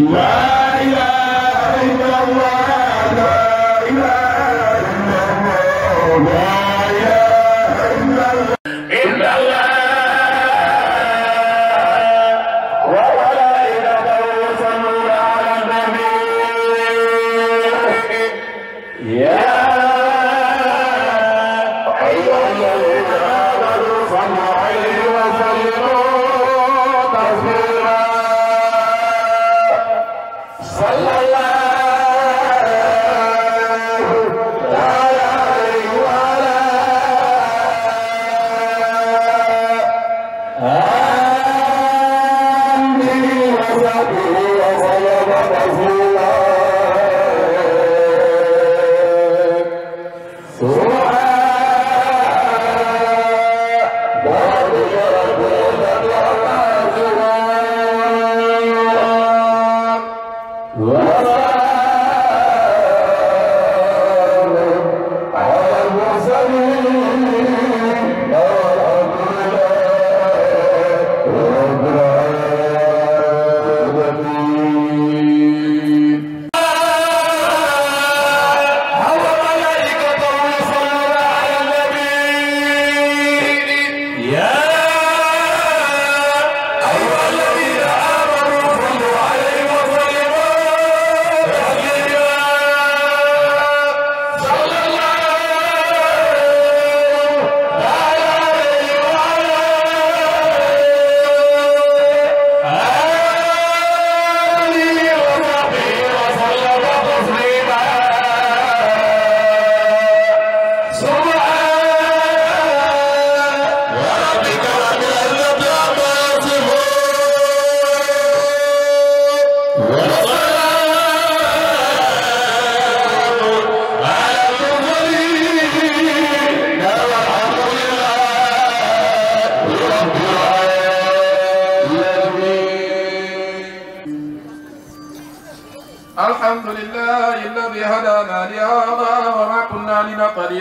Wow.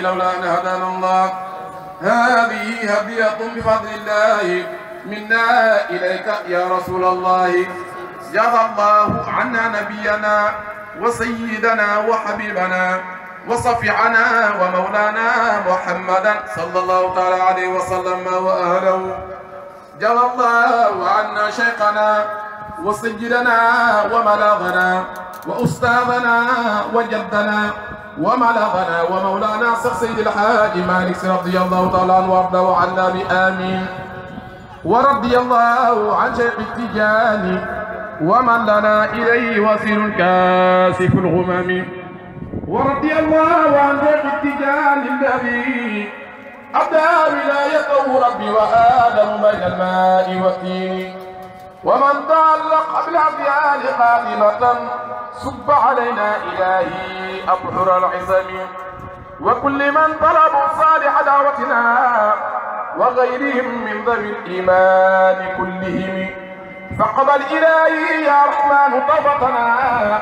لولا أن هدانا الله هذه هدية بفضل الله منا إليك يا رسول الله جزى الله عنا نبينا وسيدنا وحبيبنا وصفعنا ومولانا محمدا صلى الله تعالى عليه وسلم وأهله جل الله عنا شيخنا وسجدنا وملاغنا وأستاذنا وجدنا وملغنا ومولانا شيخ سيد الحاج مالك رضي الله تعالى عنه وارضاه عنا بآمين ورضي الله عن شيخ التجاني ومن لنا إليه وسيل كاسف الغمم ورضي الله عن شيخ التجاني الذي أبدى ولايته ربي وآدم بين الماء والتين ومن تعلق بالأبيان قائمة سب علينا إلهي أبحر العزم وكل من طلبوا صالح دعوتنا وغيرهم من ذوي الإيمان كلهم فاقبل إلهي يا رحمن توبتنا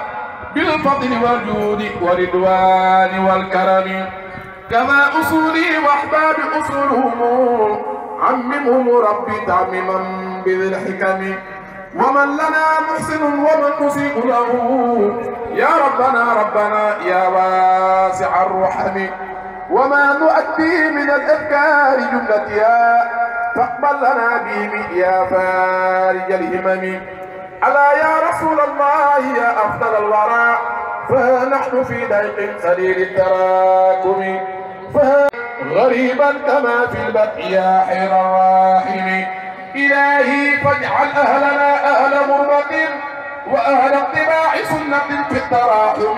بالفضل والجود والرضوان والكرم كما أصولي وأحباب أصولهم عممهم ربي تعمما بذي الحكم ومن لنا محسن ومن نسيء له يا ربنا ربنا يا واسع الرحم وما نؤديه من الأذكار جملتها فاقبل لنا به يا فارج الهمم ألا يا رسول الله يا أفضل الورى فنحن في ضيق قليل التراكم فها غريبا كما في البدء يا حير الراحم إلهي فاجعل أهلنا أهل مرمة وأهل اتباع سنة في التراحم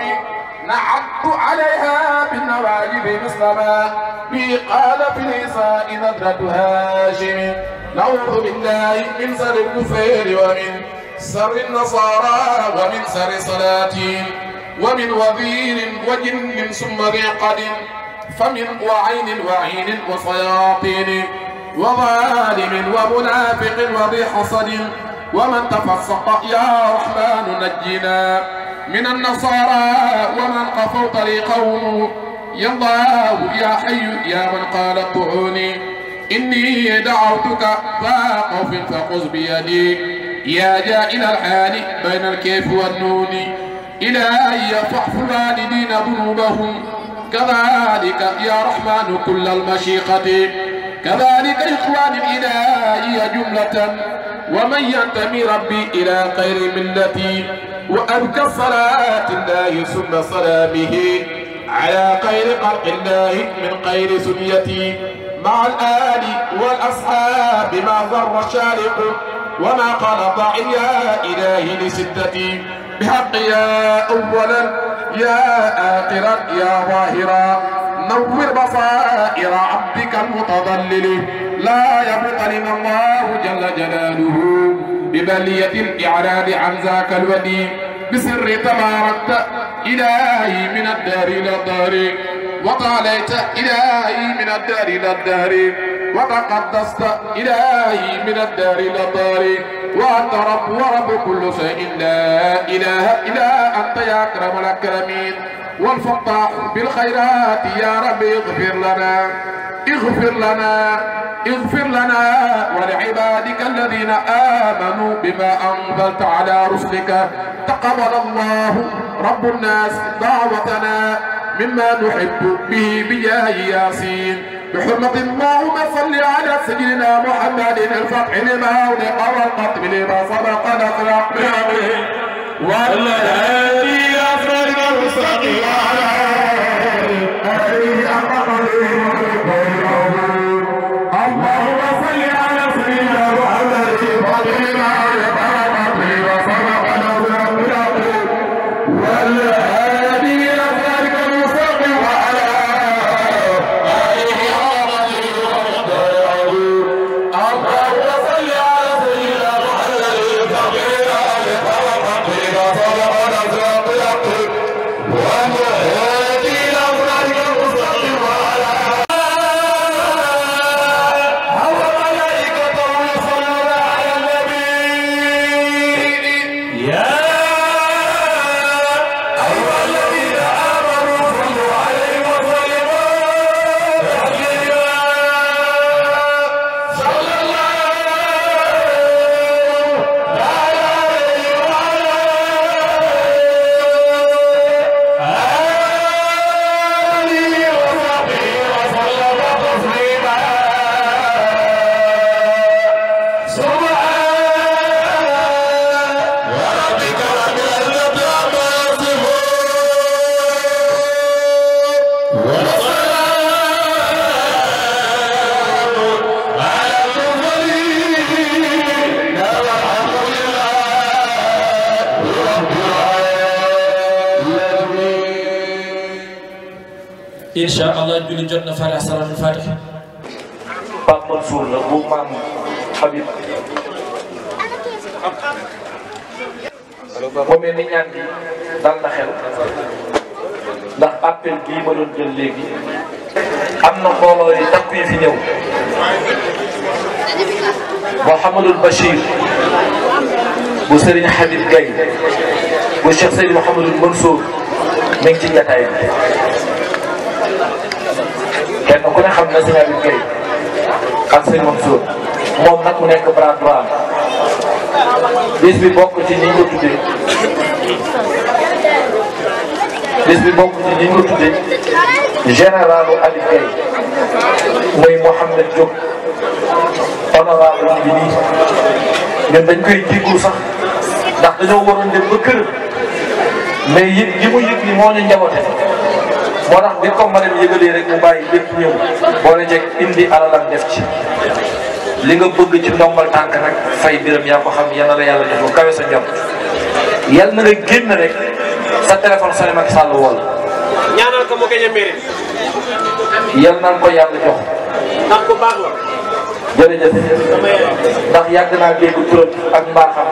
نعض عليها بالنواجذ مثل ما بي قال في النساء نذرة هاشم نعوذ بالله من سر الكفير ومن سر النصارى ومن سر صلاتهم ومن وزير وجن ثم ذي قدم فم وعين وعين وصياطين وظالم ومنافق وذي حصد ومن تفسق يا رحمن نجنا من النصارى ومن قفوا طريقهم يا الله يا حي يا من قال ادعوني إني دعوتك فقوف فخذ بيدي يا جائل الحال بين الكيف والنون إلهي فاحفظ والدين ذنوبهم كذلك يا رحمن كل المشيقة كذلك إخوان الإلهي جملة ومن ينتمي ربي إلى خير ملتي وأبكى صلاة الله ثم سلامه على خير خلق الله من خير سنيتي مع الآل والأصحاب ما ضر شارق وما قلق يا إلهي لستتي بحق يا أولا يا آخرا يا ظاهرا نور بصائر عبدك المتضلل لا يبطلن الله جل جلاله ببلية الإعلان عن ذاك الودي بسر تباركت إلهي من الدار إلى الدار وطاليت إلهي من الدار إلى الدار وتقدست إلهي من الدار الأبار وأنت رب ورب كل شيء لا إله إلا أنت يا أكرم الأكرمين والفقاح بالخيرات يا رب اغفر لنا اغفر لنا اغفر لنا ولعبادك الذين آمنوا بما أنزلت على رسلك تقبل الله رب الناس دعوتنا مما نحب به بجاه ياسين بحرمة اللهم صل على سيدنا محمد الفتح لما أغلق والقتم لما سبق نصر أقدامه والذي أصدق المستقيم على آله أقدامه incha allah julli jot na fare asalaatu fatiha. Pape Mansour la bu maam Habib. moo mel ni ñaan bi dal na xel ndax appel bii ma doon jël léegi am na mbooloo yi takku yi fi ñëw Mouhamadul Bachir bu Serigne Habib Gaye bu Cheikh Seydou Mouhamadul Mansour mi ngi ci jataay bi kenn ku ne xam na sëñ Habib Gueye ak sëñ moom nag mu nekk bras droit bis bi bokk ci ñi ko tuddee bis bi bokk ci ñi ko tuddee généralu Habib Gueye muy Mouhamed Diop honorable bi nii ñun dañ koy jiitu sax ndax dañoo waroon dem ba kër mais yi li mu yëg ni moo ñu moo tax bi ko madame yëgalee rek mu bàyyi lépp ñëw boole jeg indi alalam def ci li nga bëgg ci ndombal tànk nag fay biram yaa ko xam yal na la yàlla def lu kawe sa njort yal na nga génn rek sa téléphone sa Macky Sall wol ñaanal ko mu ko yàlla jox ndax yàgg naa dégg turam ak mbaaxam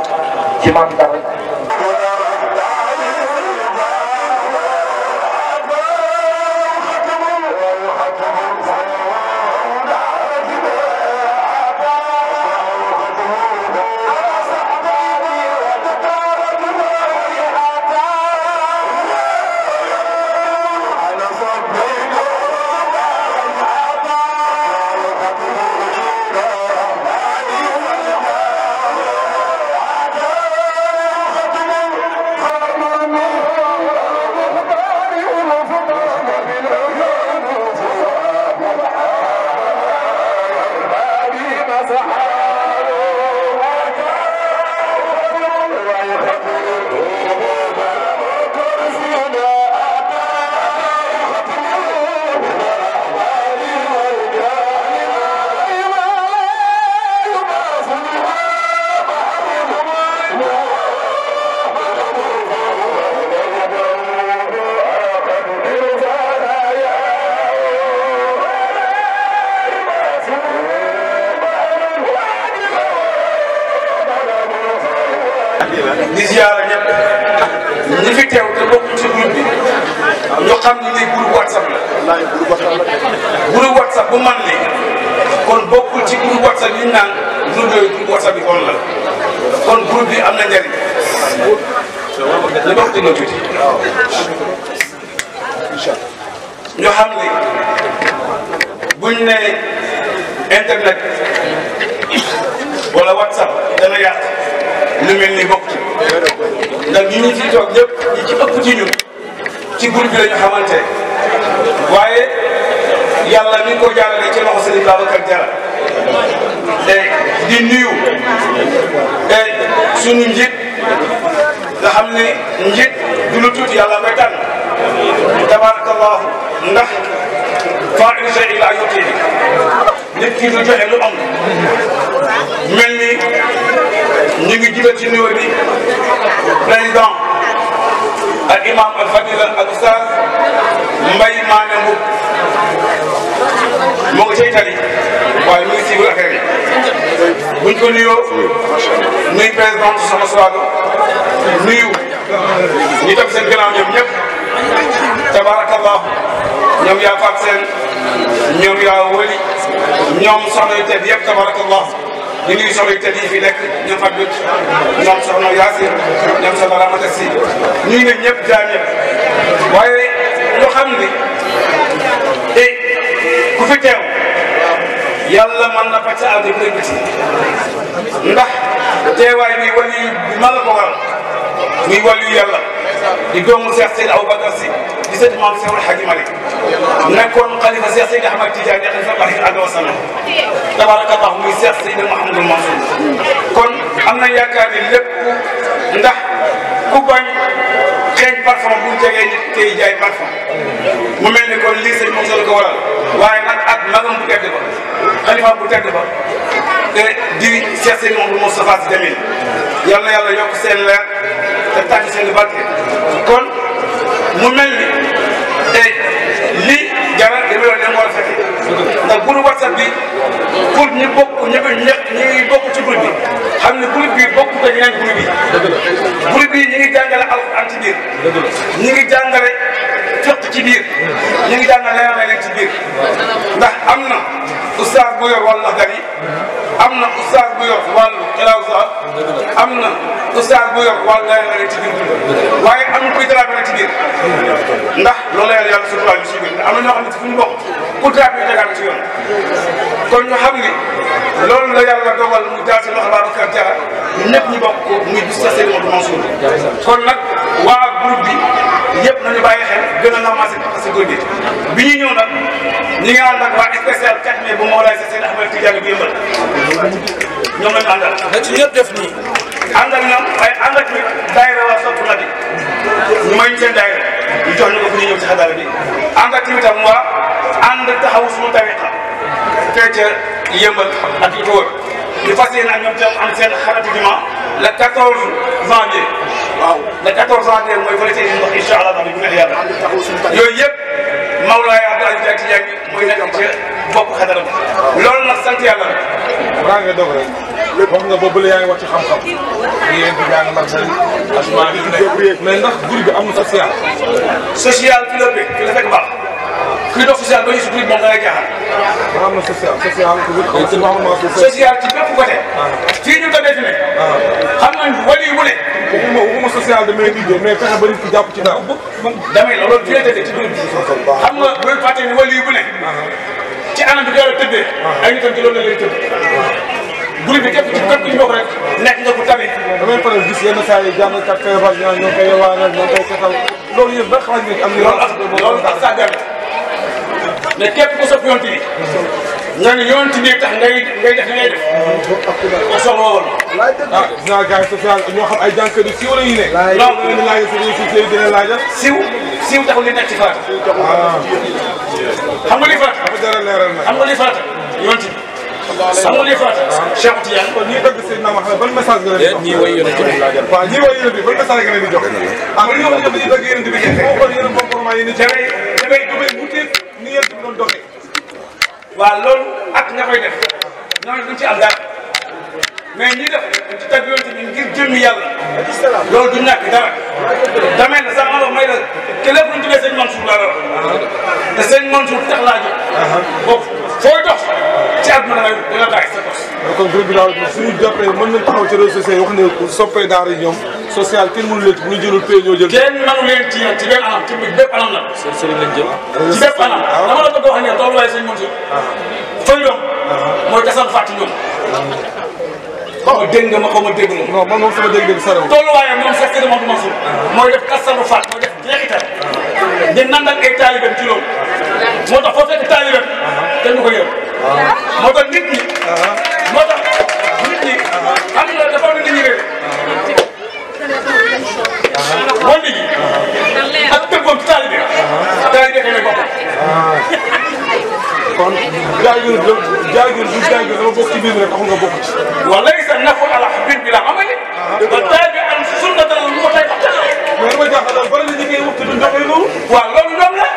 ci maam dara wëli ñoom soxna yu tedd yëpp tabarakallah ñu ngi soxla yu tedd yi fi nekk ñoom ak bët ñoom soxna Yaasin ñoom soxna Ramata Si ñu ngi ñëpp jaam ñëpp waaye ñu xam ni eh ku fi teew yàlla mën na faj sa aajo bu nekk ci ndax teewaay bi wali man la ko waral muy wàllu yàlla di doomu Seex Seydi Abubakar Si di sëñ Maam Seex Alxaaji Malik nekkoon xalifa Seex Seydi Ahmad Tijaan di xalifa Barke ak wa Sana tabarakallah muy Seex Seydi Mahamadul Mansuur kon am na yaakaar ni lépp ndax ku bañ xeeñ parfum bu jege nit tey jaay parfum mu mel ni kon lii sëñ moom sala ko waral waaye nag ak magam bu tedd ba xalifa bu tedd ba te di Seex Seydi Mahamadul Mustafa Si Jamil yàlla yàlla yokk seen leer te tàcc seen barke kon mu mel ni lii jaral li muy wax ne moo fekk ndax groupe whatsapp bi pour ñu bokk ñu ko ñi bokk ci groupe bi xam ne groupe bi bokku ko ñeneen groupe yi. groupe yi ñu ngi jàngale alxuraan ci biir. ñu ngi jàngale. ci biir ñu ngi daan na leeral leen ci biir ndax am na ustaas bu yor wàllu askan yi am na ustaas bu yor wàllu xilaaw sax am na ustaas bu yor wàllu leeral leen ci biir waaye am na kuy traité ci biir ndax loolu la yàlla suturaal bi ci biir am na ñoo xam ne fu ñu bokk ku traité tegaat ci yoon kon ñu xam ni loolu la yàlla dogal mu jaar ci loxo Babacar Diarra ñëpp ñu bokk ko muy bis sa seen Modou Mansour kon nag waa groupe bi. yëpp nañu bàyyi xel gën a lancé si góor bi ñu ñëw nag ñi nga ànd ak waa spécial 4 mai bu Mawlaay Seydi Ahmed Tidiane bi yëmbal ñoom lañu àndal. na ci ñëpp def nii. àndal ñoom ay na bi ñu may ñu seen daayira ñu jox ñu ko fi ñu ñëw ci xadaara bi ànd ak tamit am waa ànd taxawu suñu tariqa tey ca yëmbal ak li ko wër ñu fas yéene ak ñoom tam am seen xarit waaw le 14 janvier mooy fële ci ndox incha allah ndax bu neex yàlla yooyu yëpp Mawlaay Abdoulaye Ndiaye Tidiane mooy nekk ci bopp xadara bi loolu nag sant yàlla rek raa nga dog rek wax nga ba bële yaa ngi wax ci xam-xam yéen bi yaa ngi martali asmaa bi mais ndax groupe bi am na social social fi la fekk fi la fekk baax lutte sociale ba ñu si moom da lay jaaxal. am na social social. social ci bépp côté. fii ñu demee fi ne. xam nañ wàllu yi mu ne. waxuma waxuma social damay liggéey mais fexe ba nit ki jàpp ci dara. damay loolu fii la tëddee ci dund xam nga bu ñu fàtte ni wàllu yi mu ne. ci anam bi doole tëddee. ay nitam ci loolu la lay tëdd. groupe bi képp ci képp ku ñu bokk rek nekk nga bu tamit. damay faral gis yenn saa yi jàngkat feebar ñoo koy waajal ñoo koy setal loolu yëpp ba xalaat nga ci am. loolu ak loolu ak sàggal ne képp ku sopp yonent bi. nga ne yonent bi tax ngay ngay def li ngay def. waaw soxla woon. waaw ah. gis naa gars yi social ñoo xam ay jànkuwut siiw la ñuy ne. non non ñu laaj si si si dina laajal. siiw siiw taxul li nekk ci farata. Ah. xam nga li farata. dafa dara leeral na xam nga li farata yonent bi. xam nga li farata. Ah. Cheikh Tidiane. kon ñi bëgg Seydina Mouhamed ban message nga leen di jox. ñii way yonent bi waaw ñii way yonent bi ban message nga leen di jox. ah ñoo xam ne dañuy bëgg yonent bi. boo xoolee yéen a conformant yéen a. damay damay damay wuute. yonent bi doon doxee waaw loolu ak ña koy def ñooñu duñ ci am daal mais ñi def ci tag yoon bi yàlla loolu du ñàkk dara damay na sax ma wax may la te lépp lu ñu tuddee la wax te sëñ Mansour tax laa jóg boobu fooy dox ci àdduna da nga bàyyi sa dox kon groupe bi na wax suñu jàppee mën nañ taxaw ci réseaux sociaux yi wax ne soppee daara yi ñoom social kenn mënu leen ci bu ñu jëlul pay leen ci ci benn anam ci bépp anam la sëriñ lañ jël ci bépp anam ah. dama la bëgg wax ne tooluwaay sëñ Mansour ah. fay doom ah. mooy dasal fàtt xaw ma dégg nga ma xaw ma dégg non man moom sama dégg-dégg sore tolluwaayam moom Cheikh Sidi Mouhamadou Mansour mooy def kastalu faat mooy def jeexital di nandal ay taalibam ci loolu moo tax foo fekk taalibam kenn du ko yëg moo tax nit ñi moo tax nit ñi xam nga dafa am nit ñi réer wàllu ji ak dëggoom ci taalibe taalibe xëy na boppam kon jaagir la jaagir du jaagir dama bokk ci biir rek wax nga bokk ci. wa laysa nafu ala bin bi ah, la amali. wa taabi an sunnatal mu'taqidah. mais dama jaaxal daal bari na ñu koy waxtu duñ doxee loolu. waaw loolu doom la.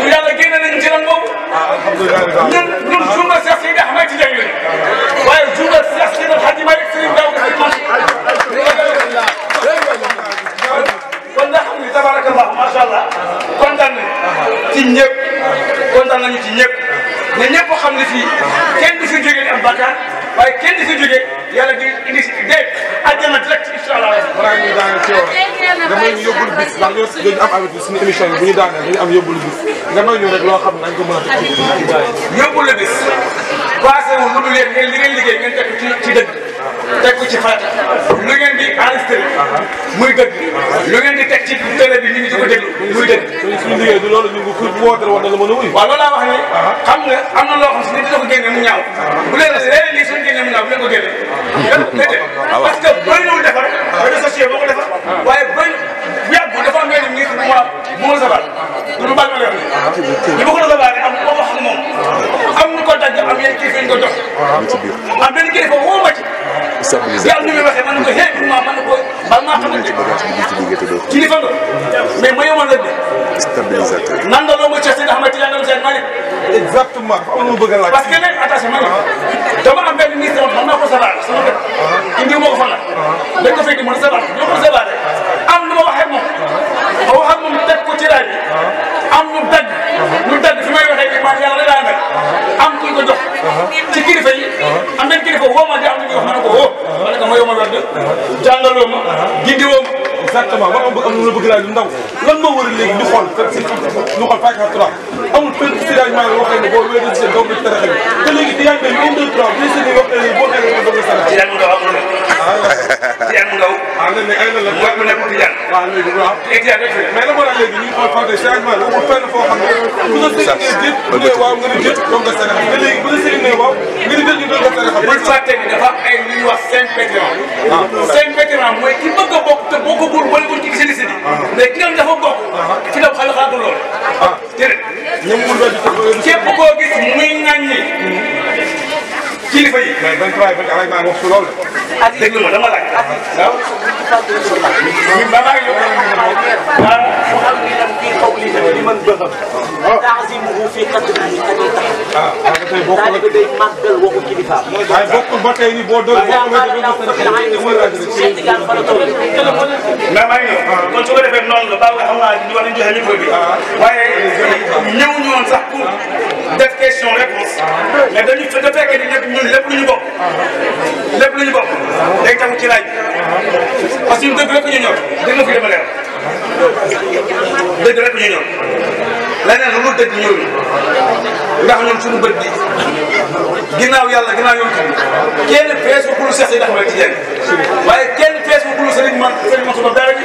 ñu yàlla génne nañu ci lan boobu. Ah, alhamdulilah ñun ñun sunna Cheikh Sidi Ahmed Tidiane yooyu. waaye sunna Cheikh Sidi Hadji Malick Serigne Daw si man. kon nga xam ni tabarakallah macha allah kontaan nañu ci ñëpp kontaan nañu ci ñëpp. ne ñëpp xam ne fii kenn du fi jógee am bakkaar waaye kenn du fi jógee yàlla di indi dégg àjjana direct incha allah. balaa ñuy daaneel ci wax dama leen yóbbul bis ndax ñoo si am amit suñu émission bi bu ñu daaneel dañu am yóbbul bis nga may ñu rek loo xam ne dañ ko mën a tëj. yóbbul la bis passé wu lu dul yéen ngeen li ngeen liggéey ngeen teg ci ci dëgg. teg ko ci fata lu ngeen di enregistré muy dëgg lu ngeen di teg ci télé bi ñu ngi ci ko a muy dëgg suñu liggéey du loolu ñu ngi ku woote war na la mën a wuyu loolu laa wax ne ah. xam nga am na loo xam si ni dina ko génne mu ñaaw bu leen léegi lii suñu génne ñaaw bu leen ko génne ah. déedéet ah. parce que bëri na mu defar réseaux sociaux boo ko defar waaye bëri yàgg dafa am benn nit bu ma bu ma sabal du ma bàyyi ma leer li ma ko doon sabal am ma wax moom laaj am nañ kilifa ñu ko jox. am benn kilifa woo ma ci. yàlla nu muy waxee man ko xëy na man ko bal maa xamante ni kilifa nga mais ma yomal la de. stabilisateur nan la loo ma cee si nga xamante ne seen ma ne. exactement am na lu bëgg a laaj. parce que nag attention man ah. dama am benn ministre man maa ko sabar sama dëkk. Ah. indi moo ko fa la. Ah. dañ ko fekk mën a sabar ñoo ko sabar. ci kilifa yi am benn kilifa woo ma di am na ñuy wax ma ne ko woo ma ne ko ma yow ma wedd jàngaloo ma gindiwoo ma exactement wax am am na bëgg laaj lu ndaw lan moo war a léegi ñu xool fekk si ñu xool fay xar trois amul benn sédagement yoo xam ne boo wéetee ci seen doom bi taraxe bi te léegi di yàgg un deux trois bu ñu sëñ bi wax boo xëyee nga doon sa waaw léegi ay lan la wax mu nekk Tijaan. waaw léegi waaw. Tijaan rek mais la moo tax léegi ñu ngi xool fàtte changement la amul fenn foo xam ne. bu la sëñ nee jëf bu ne waaw nga ne jëf doog nga sarax te léegi bu la sëñ nee waaw nga ne jëf ñu doog nga sarax. bu fàtte ni dafa am ay lu ñuy wax sympétiment. waaw sympétiment mooy ki bëgg a bokk te bokkagul wala ko ci seen i sëñ. mais ki nga dafa bokk. ci la xalaat lool. ah jërëjëf. ñoom mu doon di képp koo gis muy ŋàññi kilifa yi. mais ban tuwaay ba El Hadj Maane wax su loolu. dégg nga dama laaj. waaw. ñun ba maa ngi ñëw. waaw mu am li lan kii kaw li dem li mën bëxam. waaw ndax si mu fii kat bi ñu ko doon taxaw. waaw parce que tey bokkul ak day màggal waxu kilifa. waaye bokkul ba tey nii boo doon bokkul ak yow dafa mais maa ngi ñëw. kon su ko defee noonu la baax nga xam naa li war a joxe niveau bi. waaye ñëw ñu woon sax pour. def question réponse mais dañu da fekkee ni ñëpp ñun lépp lu ñu bokk lépp lu ñu bokk day taxu ci laaj parce que ñun dëgg rek ñu ñor dëgg nga fi dama leer dëgg rek ñu ñor leneen lu dul dëgg ñëw ndax ñun suñu bët bi ginnaaw yàlla ginnaaw yoon tam kenn feesu pour seex yi ndax mooy ci jàng waaye kenn feesu pour sëriñ man sëriñ man suba dara ji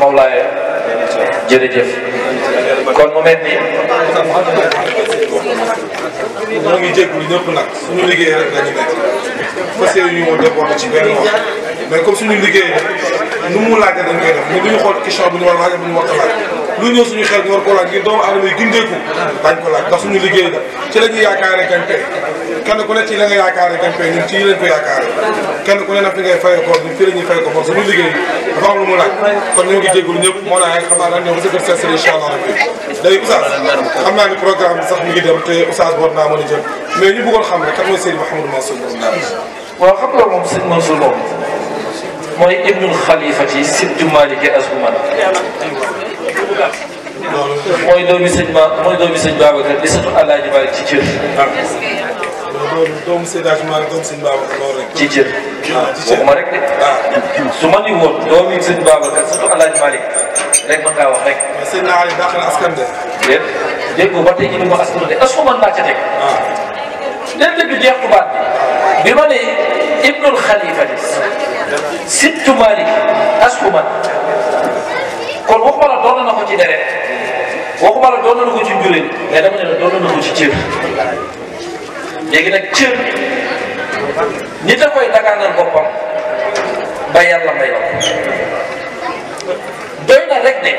Mawlaaye jërëjëf kon mu mel ni. ñoo ngi jégalu ñëpp nag suñu liggéey rek la ñu nekk fas yéene ñu woon déporté ci benn wax mais comme suñu liggéey nu mu laajte dañ koy def mais duñu xool question bu ñu war a laaj bu ñu war a laaj. lu ñëw suñu xel ñu war ko laaj ngir doomu aadama yi gindeeku dañ ko laaj ndax suñu liggéey la ci la ñuy yaakaare Gampe kenn ku ne ci la nga yaakaare Gampe ñun ci lañ ko yaakaare kenn ku ne nag fi ngay fay ko ñun fii la ñuy fay ko suñu liggéey dafa am lu mu laaj kon ñoo ngi jégalu ñëpp moo naa xam naa lan ñoo ba sa kër seet si incha allah rabbi day oustaz xam naa ni programme bi sax mi ngi dem te oustaz war naa mën a jël mais ñu bëggoon xam ne kan mooy Serigne Mouhamadou Mansour waaw xam nga moom Serigne Mansour moom mooy ibnul xalifati sibtu maliki asman mooy doomi sëñ Ba mooy doomi sëñ Babacar di sëtu Alaaji Maalik ci cër. loolu doomu Seydi Hadji Malick doomu sëñ Babacar loolu rek. ci cër. waxuma rek de. su ma ni woon doomi sëñ Babacar sëtu Alaaji Maalik rek mën ngaa wax rek. mais sëñ Naar dàq na askan de. déet dégg nga ba tey ñu ne ma askan de est-ce que mën naa ca teg. léeg-léeg du jeex tubaab bi bi ma ne Ibnul Xalifa surtout Malick asku man. kon waxuma la doon na ko ci deret waxuma la doon na ko ci njullit mais dama ne la doon na ko ci cër léegi nag cër nit koy dagaanal boppam ba yàlla may la doy na rek ne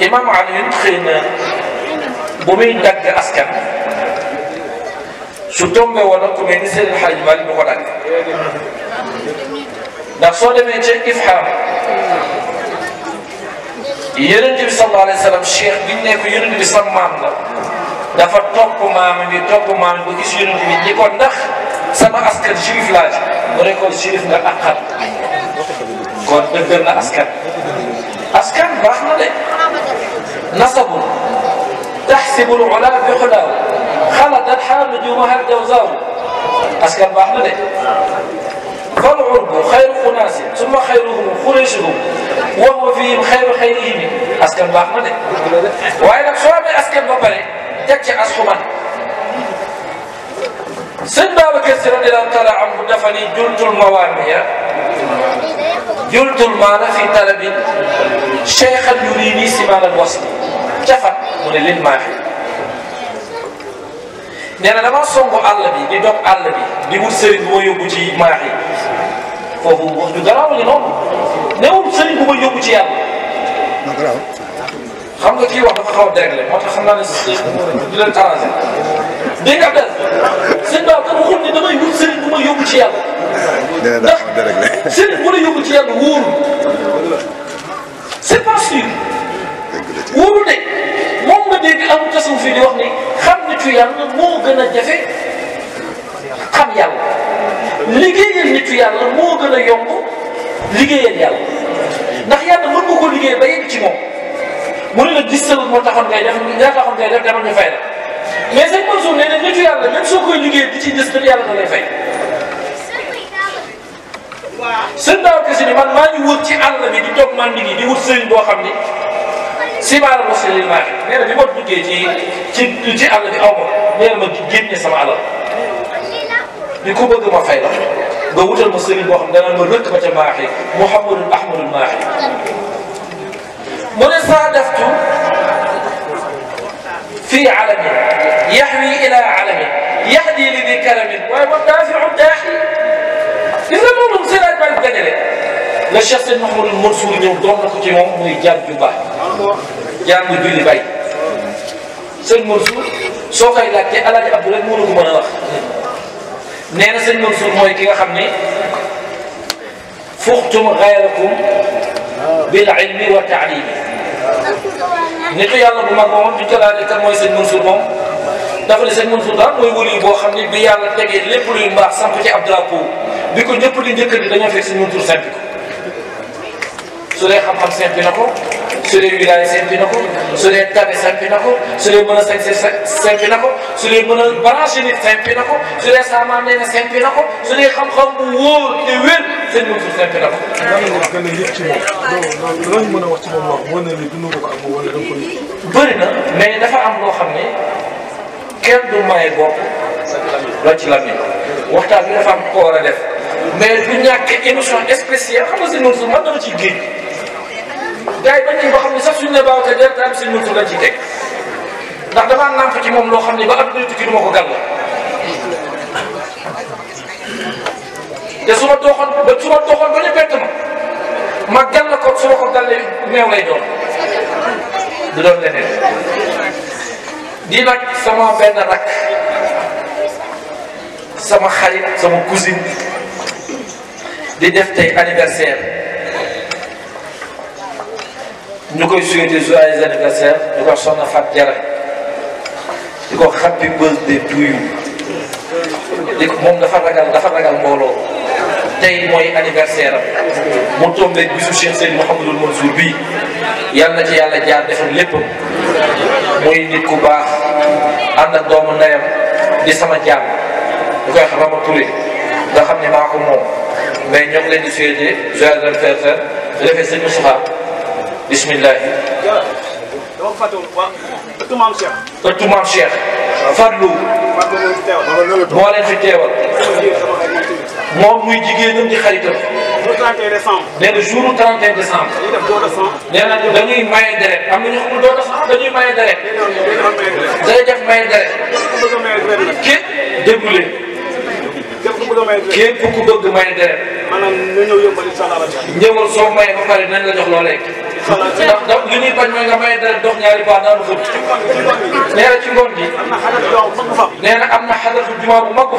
Imam Alioune xëy na bu muy dagg askan su tombé woon ak ku mel ni Seydi El Hadji Malick du soo demee ca Ifham yonent bi sallallahu alayhi wa sallam cheikh bi ñu nekk yonent bi sa maam la dafa topp maami bi topp maami ba gis yonent bi ñi ko ndax sama askan juif laa ci mu ne ko juif nga àqal kon dëggal na askan askan baax na de nasabu taxsibu l ula bi xulaaw xaladat xaal nujuumaha dawzaaw askan baax na de فالعرب خير أناس ثم خيرهم قريشهم وهو فيهم خير خيرهم askan baax na de waaye nag soo amee askan ba pare teg ca asxuman sëñ Babacar Si radiyallaahu taala anhu dafa ni jultul mawaamiya jultul maana fi talabi cheikhan yurini simaanal wasli cafat mu ne leen maaxi nee na damaa songu àll bi di dox àll bi di wut sëriñ bu ma yóbbu ci maax yi foofu wax ju garaaw noonu newul sëriñ bu ma yóbbu ci yàlla. xam nga kii wax dafa xaw moo tax xam naa ne di leen arrangé dégg nga del sëñ Ba dafa xool ni damay wut sëriñ bu ma yóbbu ci yàlla. dina moom nga dégg am tasawuf fi di wax ni xam na ci yàlla moo gën a jafe xam yàlla liggéeyal nitu yàlla moo gën a yomb liggéeyal yàlla ndax yàlla mën nga ko liggéey ba yegg ci moom mu ne la gis sa moo taxoon na def ñaar taxoon ngay def demal ñu fay la mais seen Mansour nee na nitu yàlla même soo koy liggéey di ci des nit yàlla da lay fay. seen daaw kese ni man maa ngi wër ci àll bi di toog man nit ñi di wut sëriñ boo xam ni. sibaal muslimin maa ngi nee na bi ma duggee ci ci ci àll bi aw ma nee na ma génne sama alal ni ko bëgg ma fay la nga wutal ma sëriñ boo xam danaan ma rëkk ma ca maaxi Muhammadul Ahmadul maaxi mu ne saa deftu fii alamin yaxwi ila alamin yaxdi li di karamin waaye man daafiu daaxi gis nga moom moom seen ak bàyyi dajale la Cheikh Sëñ Mahmadul Mansour ñëw doon na ko ci moom muy jaar ju baax ko jaamu julli bay sëñ Mansour soo koy laajte El Hadj Abdou rek mënu mën a wax nee na sëñ Mansour mooy ki nga xam ne fuxtum xayrakum bil ilmi wa taalimi nitu yàlla bu mag moom duñ ko laajee mooy sëñ Mansour moom dafa ne sëñ Mansour daal mooy wëliw boo xam ne bi yàlla tegee lépp luy mbaax samp ci ab drapeau bi ko ñëpp di njëkkati dañoo fekk sëñ Mansour simpi ko su dee xam-xam simpi na ko. su dee wilaay sempi na ko su dee tabe sempi na ko su dee mën a sañse sempi na ko su dee mën a branché nit sempi na ko su na ko su dee xam-xam bu wóor te wér seen mënsul sempi na ko. gën a yëg ci moom mën a wax ci moom wax wane ni dund ko ak moom bëri na mais dafa am loo xam ne kenn du maye bopp loo ci lam waxtaan bi dafa am ko war a def mais du ñàkk émission spéciale xam nga si noonu su man dama ciy génn. gars yi bañ nañ ba xam ne sax suñ ne baaw te def te am seen mëntu lañ teg ndax damaa nàmp ci moom loo xam ne ba at biy tukki du ma ko gàllankoor. te su ma doxoon ba su ma ba ñu bett ma ma gàllankoor su ma ko gàllee meew lay doon du de leneen di nag sama benn rak sama xarit sama cousine di def tey anniversaire. ñu koy souhaité joyeux anniversaire di ko soxna Fat Jara di ko happy birthday to you di moom dafa ragal dafa ragal mbooloo tey mooy anniversaire am mu tombé bisu Cheikh Seydou Mouhamadul Mansour bii yal na ci yàlla jaar defal lépp muy nit ku baax ànd ak doomu ndeyam di sama jaam di koy Rama Touré nga xam ne maa ko moom mais ñoo ngi leen di souhaité joyeux anniversaire di defee sëñ Moussa bisimilah. ëttu maam Cheikh. ëttu maam Cheikh. Fadlu. moo leen fi teewal. moom muy jigéenam di xaritam. jour 31 décembre. nee na jour 31 dañuy na dañuy maye deret am na ñu xamul de sang dañuy maye deret. day def maye deret. képp déglu leen. képp ku bëgg maye deret. maanaam ñu ñëw yëmbal soo maye ba pare dinañ la jox loolee. ndax dox li ñuy bañ mooy nga may dara dox ñaari baax nee na ci ngoon gi nee na am na xadratu jumaa bu mag bu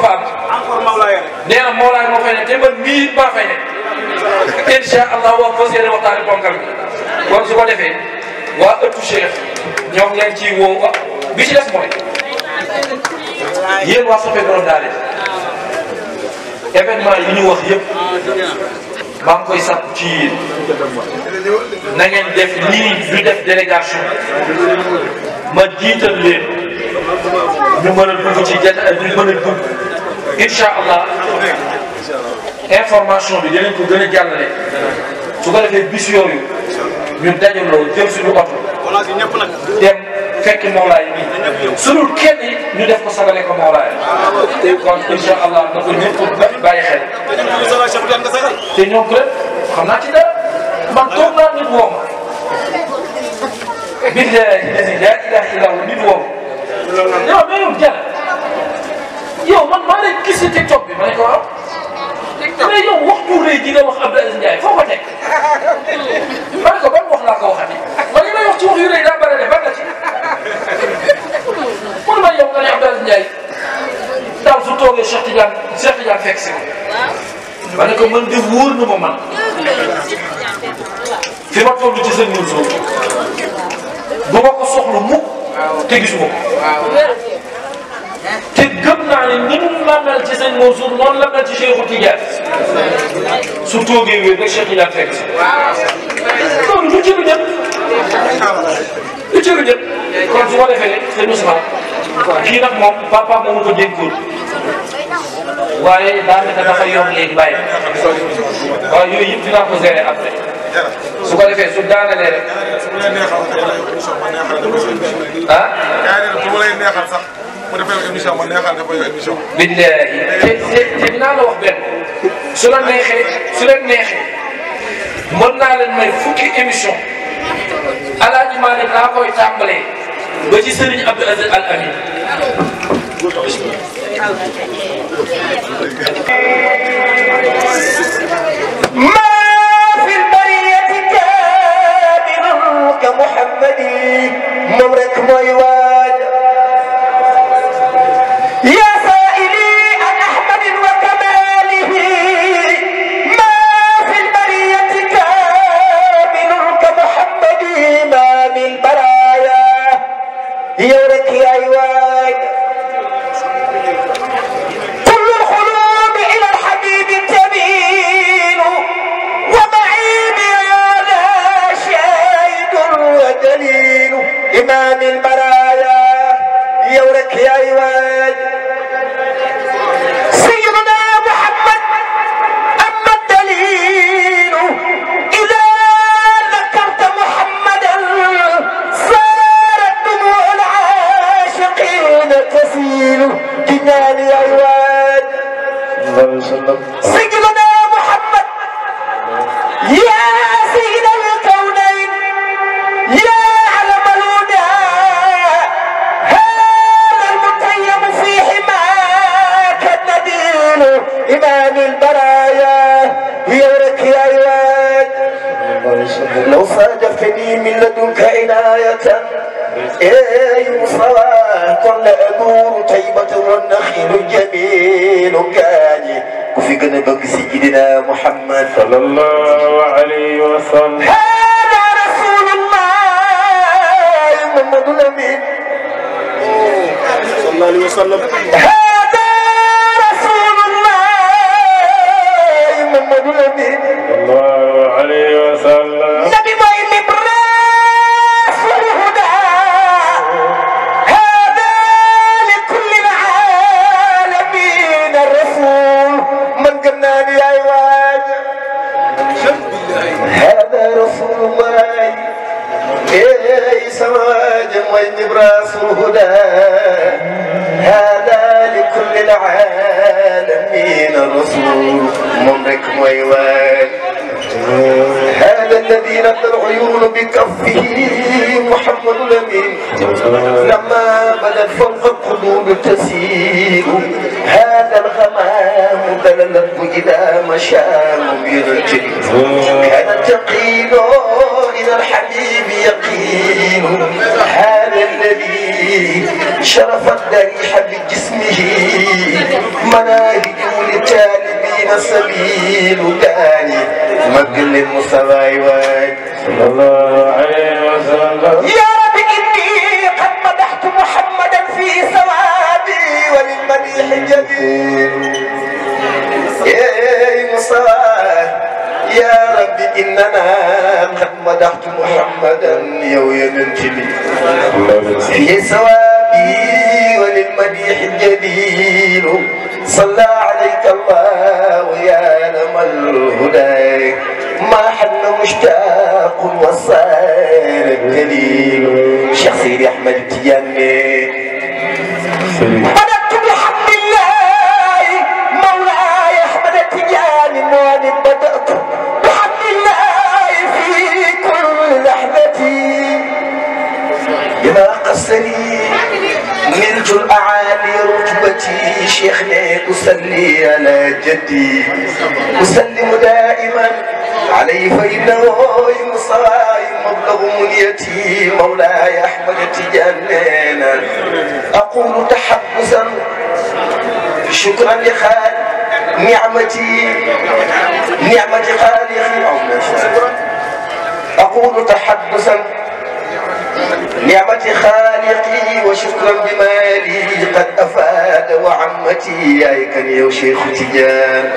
nee na Mawlaay moo fay ne te man mii maa fay ne incha allah wax fas yéene waxtaani bonkal bi kon su ko defee waa ëttu Cheikh ñoo ngi leen ciy woo wax bi ci des mooy yéen waa Safé daale événement yi ñu wax yëpp maa ngi koy sàkku ci yéen na def nii ñu def délégation ma jiital leen ñu mën a dugg ci jat ñu mën a dugg incha allah information bi dinañ ko gën a jàllale su ko defee bis fekki Mawlaay bi sunul kenn it ñu def ko sagale ko Mawlaay kon incha allah na ko ñëpp bàyyi xel te ñoom peut être xam naa ci dara man toog naa nit woom billahi lazi laa ilaaha illa hu nit woom yow mais yow jàll yow man maa lay gis si TikTok bi ma ne ko waaw ah. mais yow waxtu rëy ji nga wax Abdou Aziz Ndiaye foo ko teg ma ne ko ban wax laa ko waxati man li may wax ci wax yu rëy daa bare de Tijaan Cheikh Tijaan fekk si ma. ma ne ko man de wóor na ma man. fi ma toll ci sëñ Mansour bu ma ko soxla mukk te gisuma ko. te gëm naa ne ni mu la mel ci sëñ Mansour noonu la mel ci Cheikh Tidiane su toogee wér rek Cheikh Tidiane fekk si. loolu du cëru ñëpp. du cëru ñëpp kon su ko defee sëñ Ousmane kii nag moom papa moomu ko dénkoon. waaye daanaka dafa yomb léegi bàyyi waaw yooyu yëpp dinaa ko gérer après su ko defee su daanalee rek. ah. mu defee émission ma neexal dafa yor émission. biñ te te dinaa la wax benn su la neexee su leen neexee mën naa leen may fukki émission Alaaji Maalik naa koy tàmbalee ba ci Serigne Abdou Aziz Al Amin. ما في البرية كامل كمحمد مبرك ما يوالي na kasiilu ci ñaani ay waaj sayyidina Muhammad yaa sayyida al-kawnayn yaa alamal hudaa haada al-mutayyam fi himaaka nadiilu imaam al-baraaya يورك يا عيال لو صادفتني من لدنك عناية يا يوسف kolle nuuru taybata wan naxilu jamilu gaañi ku fi gën a bëgg sidina Muhammad sallallahu alayhi wa sallam hada rasulullah Muhammadul Amin sallallahu alayhi wa sallam والنبراس هدى هذا لكل العالمين الرسول مملك ويوال هذا الذي لدى العيون بكفه محمد الأمين لما بدت فوق القلوب تسير هذا الغمام دللته إلى مشام يرجل كان التقيل إلى الحبيب يقين هذا الذي شرفت دريح بجسمه مناهج إلى السبيل كاني مكن للمصطفى واج صلى الله عليه وسلم يا رب إني قد مدحت محمدا في سوادي وللمديح جدير يا مصطفى يا رب إننا قد مدحت محمدا يوم ينتمي في سوادي وللمديح الجدير صلى عليك الله يا لم الهدى ما حن مشتاق وصار الدليل شيخ سيدي احمد التياني بدأت بحمد الله مولاي احمد التياني مولد بدأت بحمد الله في كل لحظتي لما قصني نلت الاعالي رتبتي الشيخ أصلي على جدي أسلم دائما عليه فإنه يمصاي مبلغ منيتي مولاي أحمد تجانا أقول تحبسا شكرا لخالد نعمتي نعمة خالقي أقول تحبسا نعمة خالقي وشكرا بمالي قد أفاد وعمتي يا كان يا شيخ تجان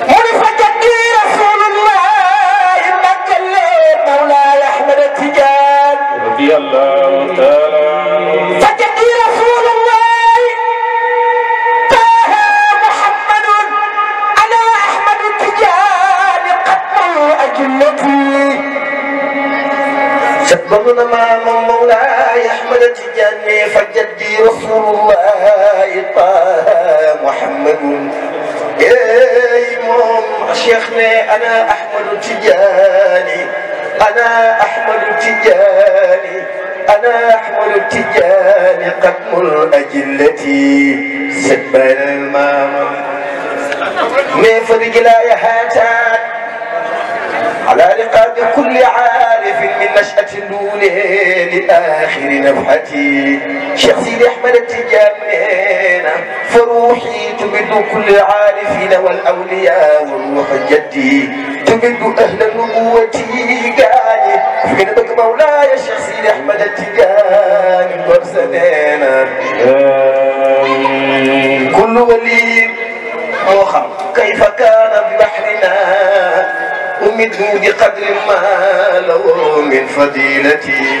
ملفتكي رسول الله مكة مولاي أحمد التجان رضي الله تعالى سببنا امام مولاي احمد التجاني فجدي رسول الله طه محمد اي مام شيخنا انا احمد التجاني انا احمد التجاني انا احمد التجاني قدم الاجله سبب المام ما فرق لا يحاتان على رقاب كل عارف من نشأة دونه لآخر نفحتي شيخ سيدي أحمد التجامين فروحي تبد كل عارفين والأولياء والروح جدي تبد أهل النبوة قالي من بك مولاي شيخ سيدي أحمد التجاني ورسلنا كل ولي موخم كيف كان ببحرنا أمده بقدر ما له من فضيلتي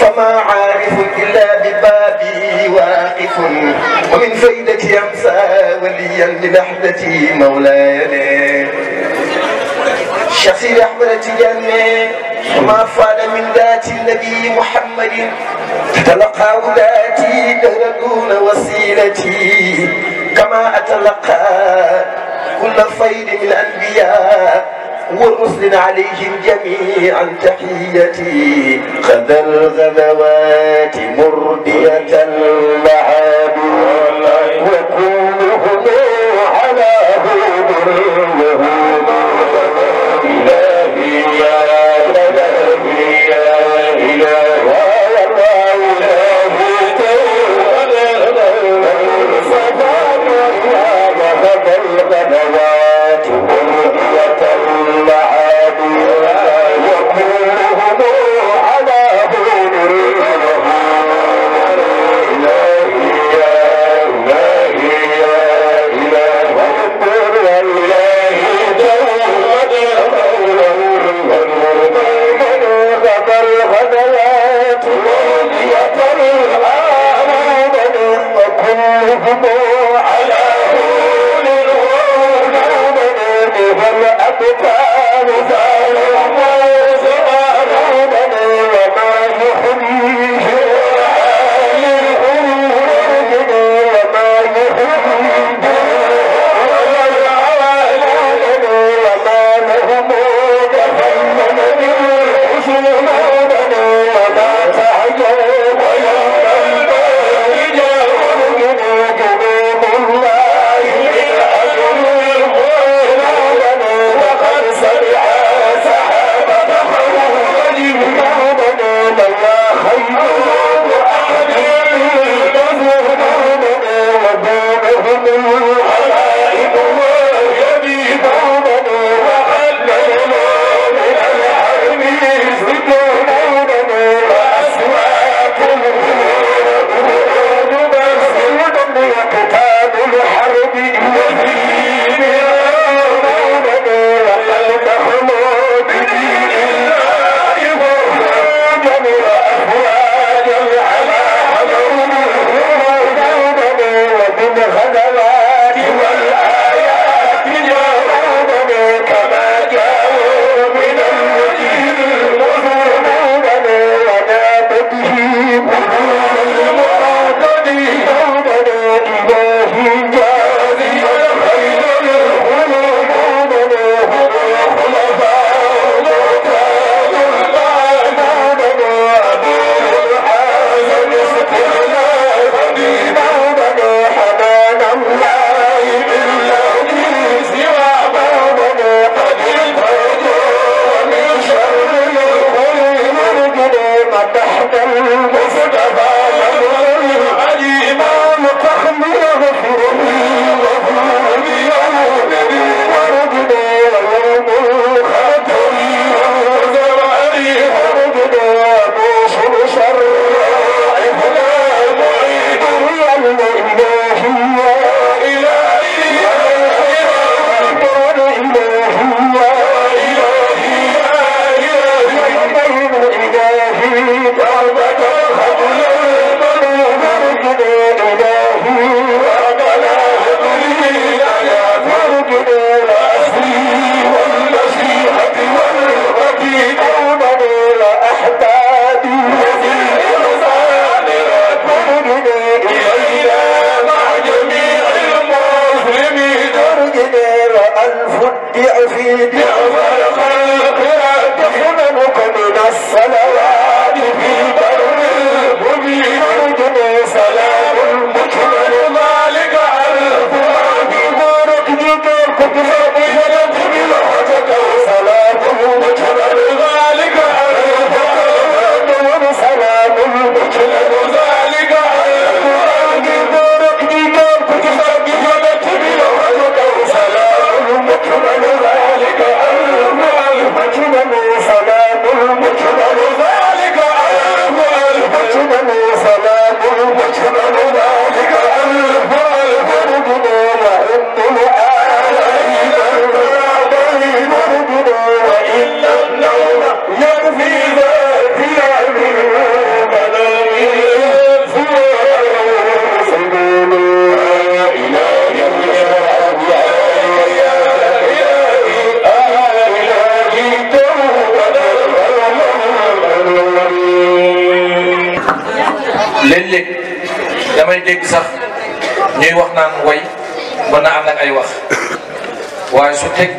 فما عارف إلا ببابي واقف ومن فيدتي أمسى وليا للحدتي مولاي لي شيخ سيدي أحمد التجاني وما فعل من ذات النبي محمد تتلقى ذاتي دهر دون وسيلتي كما أتلقى كل فيد من أنبياء وأسل عليهم جميعا تحيتي خذ الغزوات مردية معاد وكلهم على هدره Africa.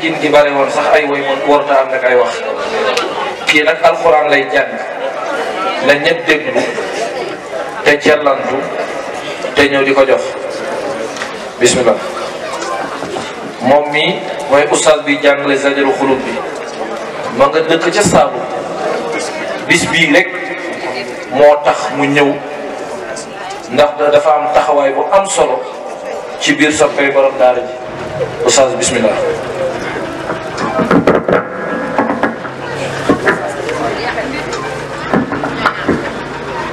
jin gi bare woon sax ay woy waruta am nag ay wax kii nag alxuraan lay jàng na ñëpp déglu te cellantu te ñëw di ko jox bismillah moom mi mooy ustaas bi jàngale zajaru xulub bi ma nga dëkk ca saabu bis bii rek moo tax mu ñëw ndax dafa am taxawaay bu am solo ci biir soppee borom daara ji ustaas bismillah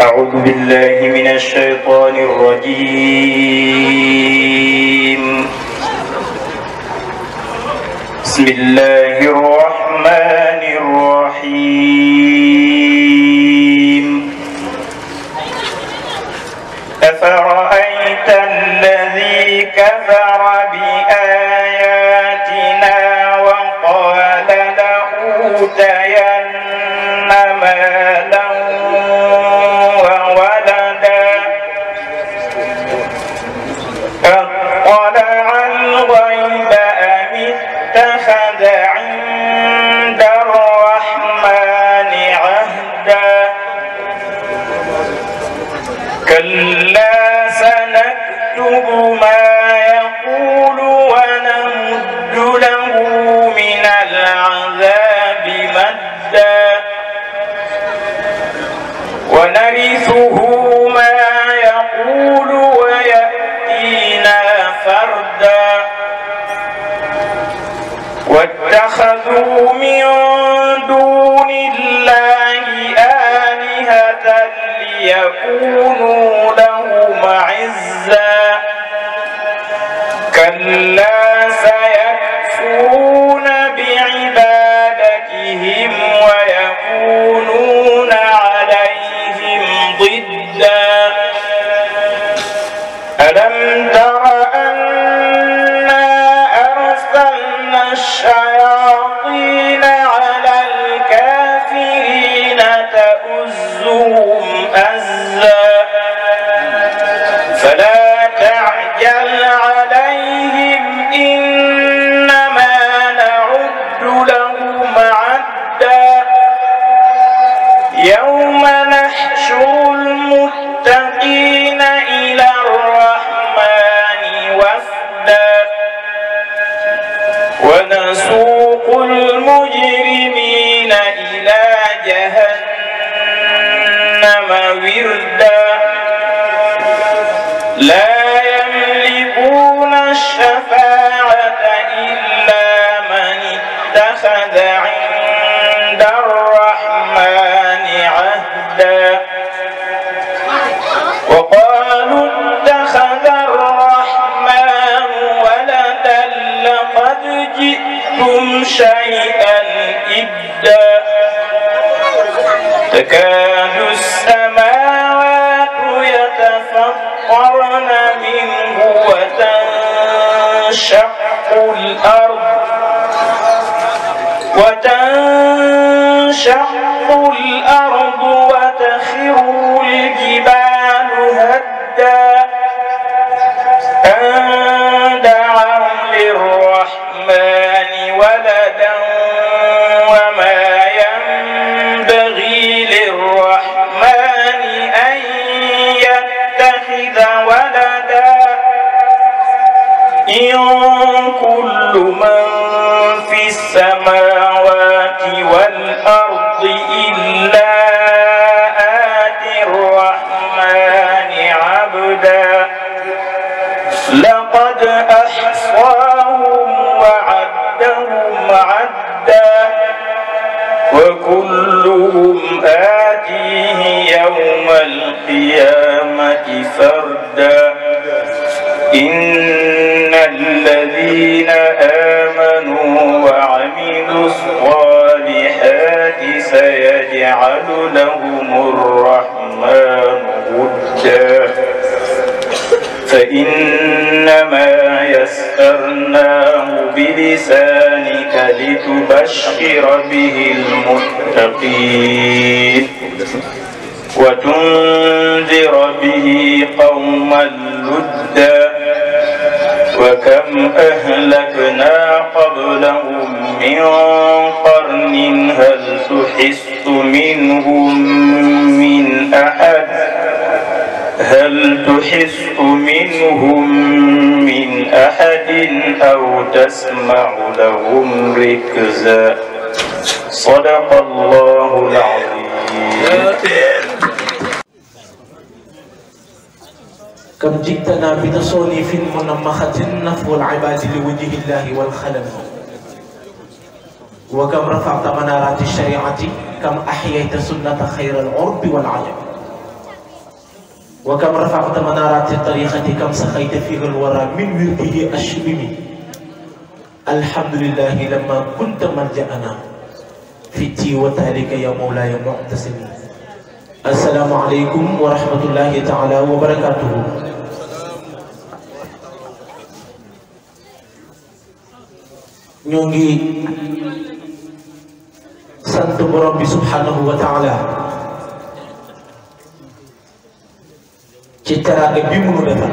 أعوذ بالله من الشيطان الرجيم بسم الله الرحمن الرحيم أفرأيت الذي كفر بآياتنا وقال لأوتين مالا يكونوا لهم عزا كلا وردا لا يملكون الشفاعة إلا من اتخذ عند الرحمن عهدا وقالوا اتخذ الرحمن ولدا لقد جئتم شيئا إدا تكاد وانشقوا الأرض مثلهم آتيه يوم القيامة فردا إن الذين آمنوا وعملوا الصالحات سيجعل لهم الرحمن ودا فإنما يسرناه بلسانك لتبشر به المتقين وتنذر به قوما لدا وكم أهلكنا قبلهم من قرن هل تحس منهم من أحد هل تحس منهم أحد أو تسمع لهم ركزا صدق الله العظيم كم جئتنا بتصونيف منمخة نفو العباد لوجه الله والخلم وكم رفعت منارات الشريعة كم أحييت سنة خير العرب والعجم wa kam rafa'ta manaarati tariqati kam saxayta fiihi al-waraa min wirdihi ashlimi alhamdulillahi lamma kunta malja'ana fitti wa taalika ya mawlaaya mu'tasimi assalaamu aleykum wa rahmatullahi taala wa barakaatuhu ñoo ngi sant borom bi subhaanahu wa taala ci teraanga bii mënu defal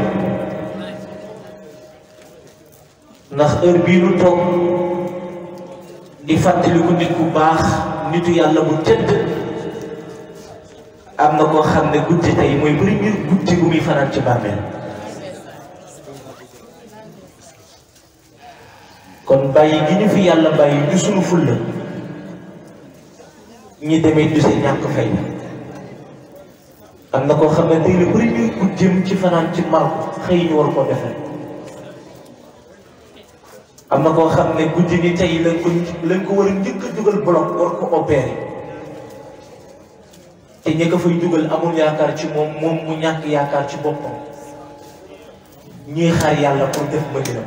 ndax heure bii lu toog di fàttaliku nit ku baax nitu yàlla bu tëdd am na koo xam ne guddi tey mooy premier guddi bu muy fanaan ci bàmmeel kon bàyyi gi ñu fi yàlla bàyyi ñu sunu fulla ñi demee du seen ñàkk fay am na koo xam ne tey lu bëri ñuy ku jëm ci fanaan ci marko xëy ñu war koo defee am na koo xam ne guddi ni tey lañ ko lañ ko war a njëkk a dugal bloc war ko opéré te ña ko fay dugal amul yaakaar ci moom moom mu ñàkk yaakaar ci boppam ñuy xaar yàlla pour def ma dina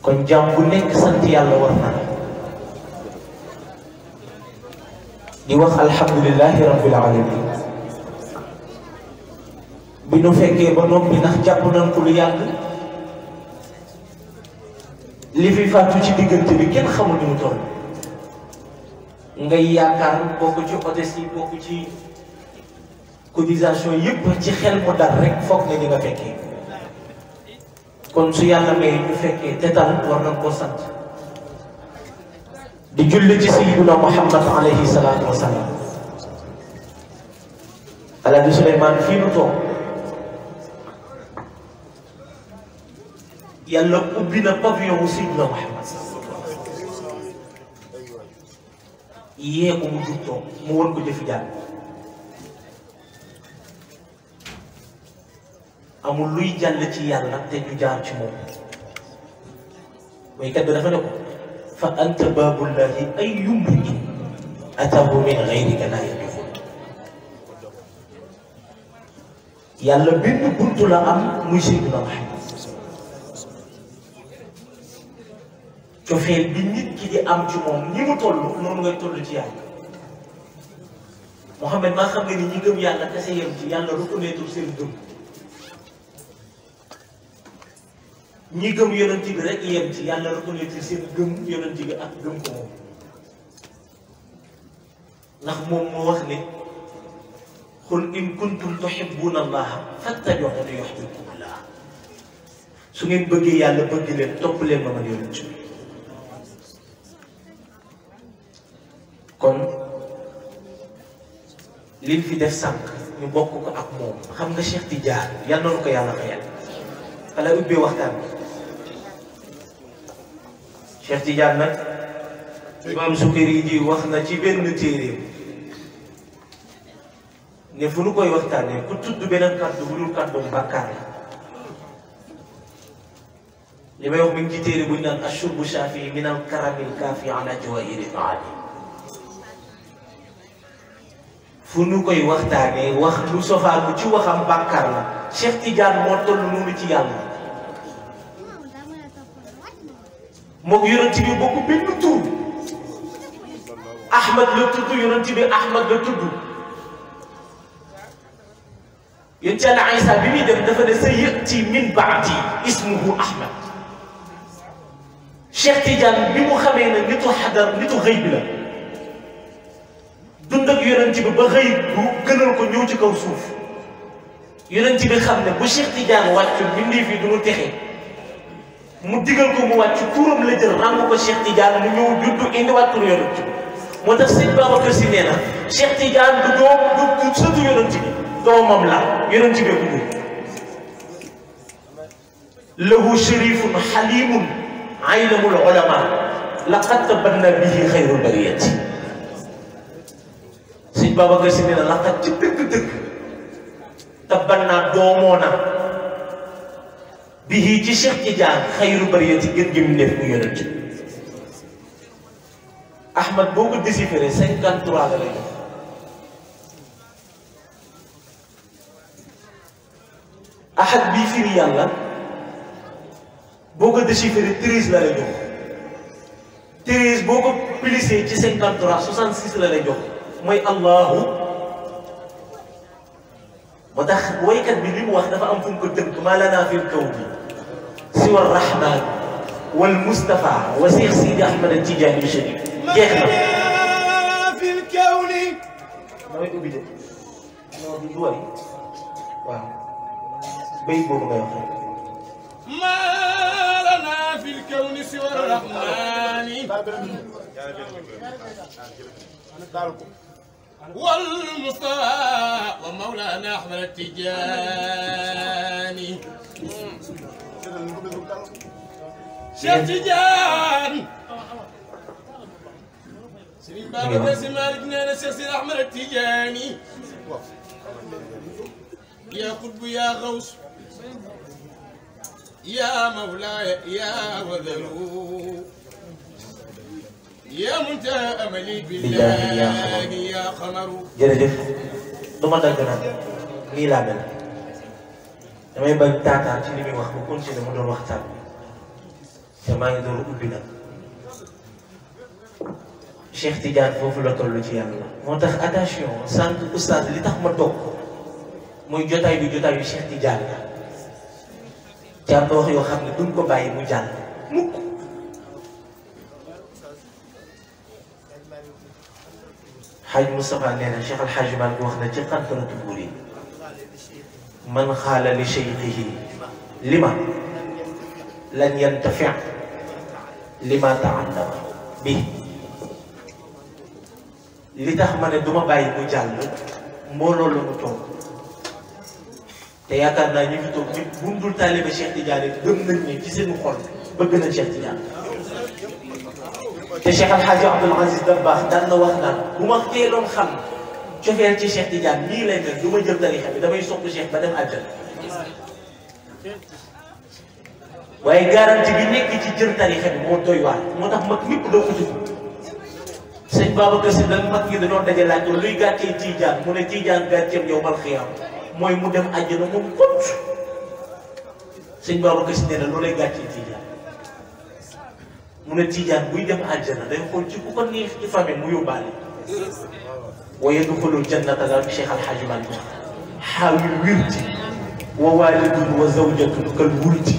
kon jàmm nekk sant yàlla war na di wax alhamdulilahi rabbil alamin bi nu fekkee ba noppi ndax jàpp nañ ko lu yàgg li fi fàttu ci diggante bi kenn xamul ni mu toll ngay yaakaar bokk ci hôtesse bokk ci cotisation yëpp ci xel mu dal rek foog na ñu fekkee kon su yàlla may ñu fekkee te tal war nañ koo sant di julli ci sayyiduna muhammad alayhi salaatu wa fii nu toog yàlla ubbi na pavillon wu sayyiduna muhammad yee mu jub mu war ko jëfi jàng amul luy jàll ci yàlla te du jaar ci moom waykat bi dafa ne ko fa anta baabullahi ay yumri atahu min gayrika laa yadxul yàlla benn buntu la am muy Seydina Muhammad cofeel bi nit ki di am ci moom ni mu toll noonu ngay toll ci yàlla Muhammad maa xam nga ni ñi gëm yàlla kese yem ci yàlla reconnaître seen gëm ñi gëm yonent bi rek yem ci yàlla reconnaître seen gëm yonent bi ak gëm ko moom ndax moom moo wax ne qul in kuntum tuhibbuna allaha allah su ngeen bëggee yàlla bëgg leen topp leen ma man yonent bi kon fi def sànq ñu bokk ko ak moom xam nga Cheikh Tidiane yal na ko yàlla xayal ala ubbee waxtaan bi Cheikh Tidiane nag imaam Sukari ji wax na ci benn téeréem ne fu nu koy waxtaanee ku tudd beneen kàddu bu dul kàddu bàkkaar la li may wax mi ngi ci téere bu ñu naan ashurbu shaafi min al karamil kaafi ala jawaahiri maani fu nu koy waxtaanee wax lu sofaanu ci waxam bàkkaar la Cheikh Tidiane moo toll noonu ci yàlla moom yonent bi bokku benn tur ahmad la tudd yonent bi ahmad la tudd yéen ci àlla isa bi muy dem dafa ne sa yëti min baadi ismuhu ahmad Cheikh bi mu xamee ne nitu xadar nitu xëy bi la dund ak yonent bi ba xëy bu gënal ko ñëw ci kaw suuf yonent bi xam ne bu Cheikh Tidiane wàccu mbindéef yi du ñu texe mu digal ko mu wàcc turam la jël ko Cheikh Tidiane mu ñëw juddu indiwaat tur yonent bi moo tax sëñ Babacar Si nee na Cheikh Tidiane du doom du du sëtu yonent doomam la yonent bi ku jur lahu sharifun xalimun aynamul ulama laqad tabanna bihi xayrul bariyati sëñ Babacar Si nee na laqad ci dëgg-dëgg tabanna bii ci Cheikh Tidiane xayru bariyati gën jëm def mu yonent Ahmad boo ko déchiffré 53 la lay def ahad bii firi yàlla boo ko déchiffré 13 la lay jox 13 boo ko plissé ci 53 66 la lay jox mooy Allahu moo tax woykat bi li mu wax dafa am fu mu ko tënk maa lanaa fil kaw bi. siwa rahman wal Mustafa wa Cheikh Sidi Ahmed al Tidiane bi Chérif jeex na. fil kawni. damay ubbi de. non du duwal waaw béy boobu ngay wax rek. ma lana fil kawni siwa rahmani wal Mustafa wa mawlana Ahmed al Tidiane Cheikh Tidiane Serigne Babacar Sy Malick nee na Cheikh Sidi Ahmed Tidiane yaa xutbu yaa xaws yaa mawlaaya yaa wadalu yaa muntaha amali billahi yaa xamaru jërëjëf du ma dagg nag nii laa mel damay bañ taataan ci li muy wax mu doon waxtaan bi te maa ngi doon ubbi nag Cheikh Tidiane foofu la toll ci yàlla moo tax attention sànq oustaz li tax ma toog muy jotaay bi jotaay yu Cheikh Tidiane la yoo xam ne duñ ko bàyyi mu jàll mukk xaaj Moustapha nee na Cheikh Al Hadj wax na ci xantaratu buur yi man xaala li cheikhihi lima lan yantafi lima taallama bi li tax ma ne duma bàyyi mu jàll mbooloo la te yaakaar naa ñu fi toog ñu bu dul taalibe Cheikh Tidiane gëm nañ ne ci seen xol bëgg na te Cheikh Al Hadj Abdoul Aziz Dabakh daan na wax naan bu ma teeloon xam cofeel ci Cheikh Tidiane nii lay mel du ma jël tarixa bi damay sopp Cheikh ba dem àjjana waaye garanti bi nekk ci jël tarixa bi moo doy waar moo tax mag ñëpp doo ko jël sëñ Babacar Si dañoo daje laaj ko luy gàccee Tidiane mu ne Tidiane gàcceem yow mu dem àjjana moom kot na loolay gàccee Tidiane mu ne Tidiane buy dem àjjana day xool ci ku ko neex ci famille mu yóbbaale wa yadxulu jannata daal Cheikh Al Hadj Malick xaawil wirti wa waalidun wa zawjatun kal wulti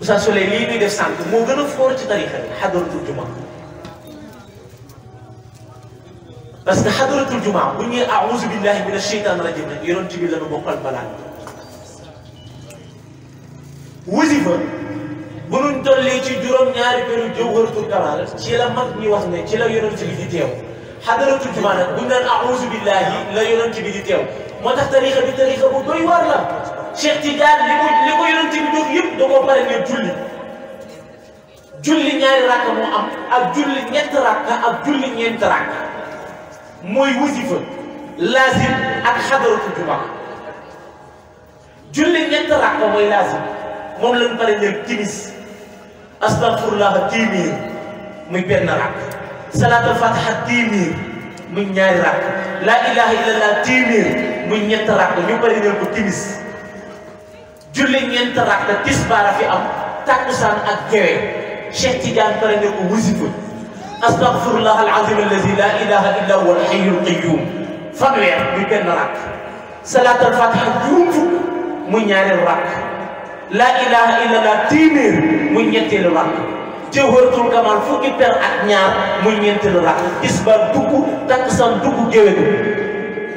Oustaz Souley lii ñuy def sànq moo gën a foor ci tarixa bi xadaratul juma parce que xadaratul juma bu ñuy aouzu billahi min asheytan rajim nag yonent bi la nu bokkal balaa wasifa bu nu tollee ci juróom-ñaari këru jawharatul kamaal ci la mag ñi wax ne ci la yonent bi di teew xadaratul jumaa nag buñ naan auzu billahi la yonent bi di teew moo tax tarixa bi tarixa bu doy waar la Cheikh Tidiane li ko li ko yonent bi doon yëpp da koo pare ne julli julli ñaari rakk moo am ak julli ñett rakk ak julli ñeent rakk mooy wasifa laazim ak xadaratul jumaa julli ñett rakk mooy laazim moom lañ pare ñëw timis astaghfirullah téeméer muy benn rakk salaatul fatiha téeméer muy ñaari rakk laa ilaha illallah téeméer muy ñett rakk ñu pare ñëw ko timis julli ñeent rakk tisbaar a fi am takkusaan ak gewe Cheikh Tidiane pare ñëw ko wasifa astaghfirullah alazim alladi la ilaha illa huwa alhayyul qayyum fanweer muy benn rakk salaatul fatiha juum fukk muy ñaari rakk laa ilaha illallah téeméer muy ñetteelu rakk jawharatul kamal fukki per ak ñaar muy ñeenteelu rakk tisbaar dugg takkusaan dugg géwél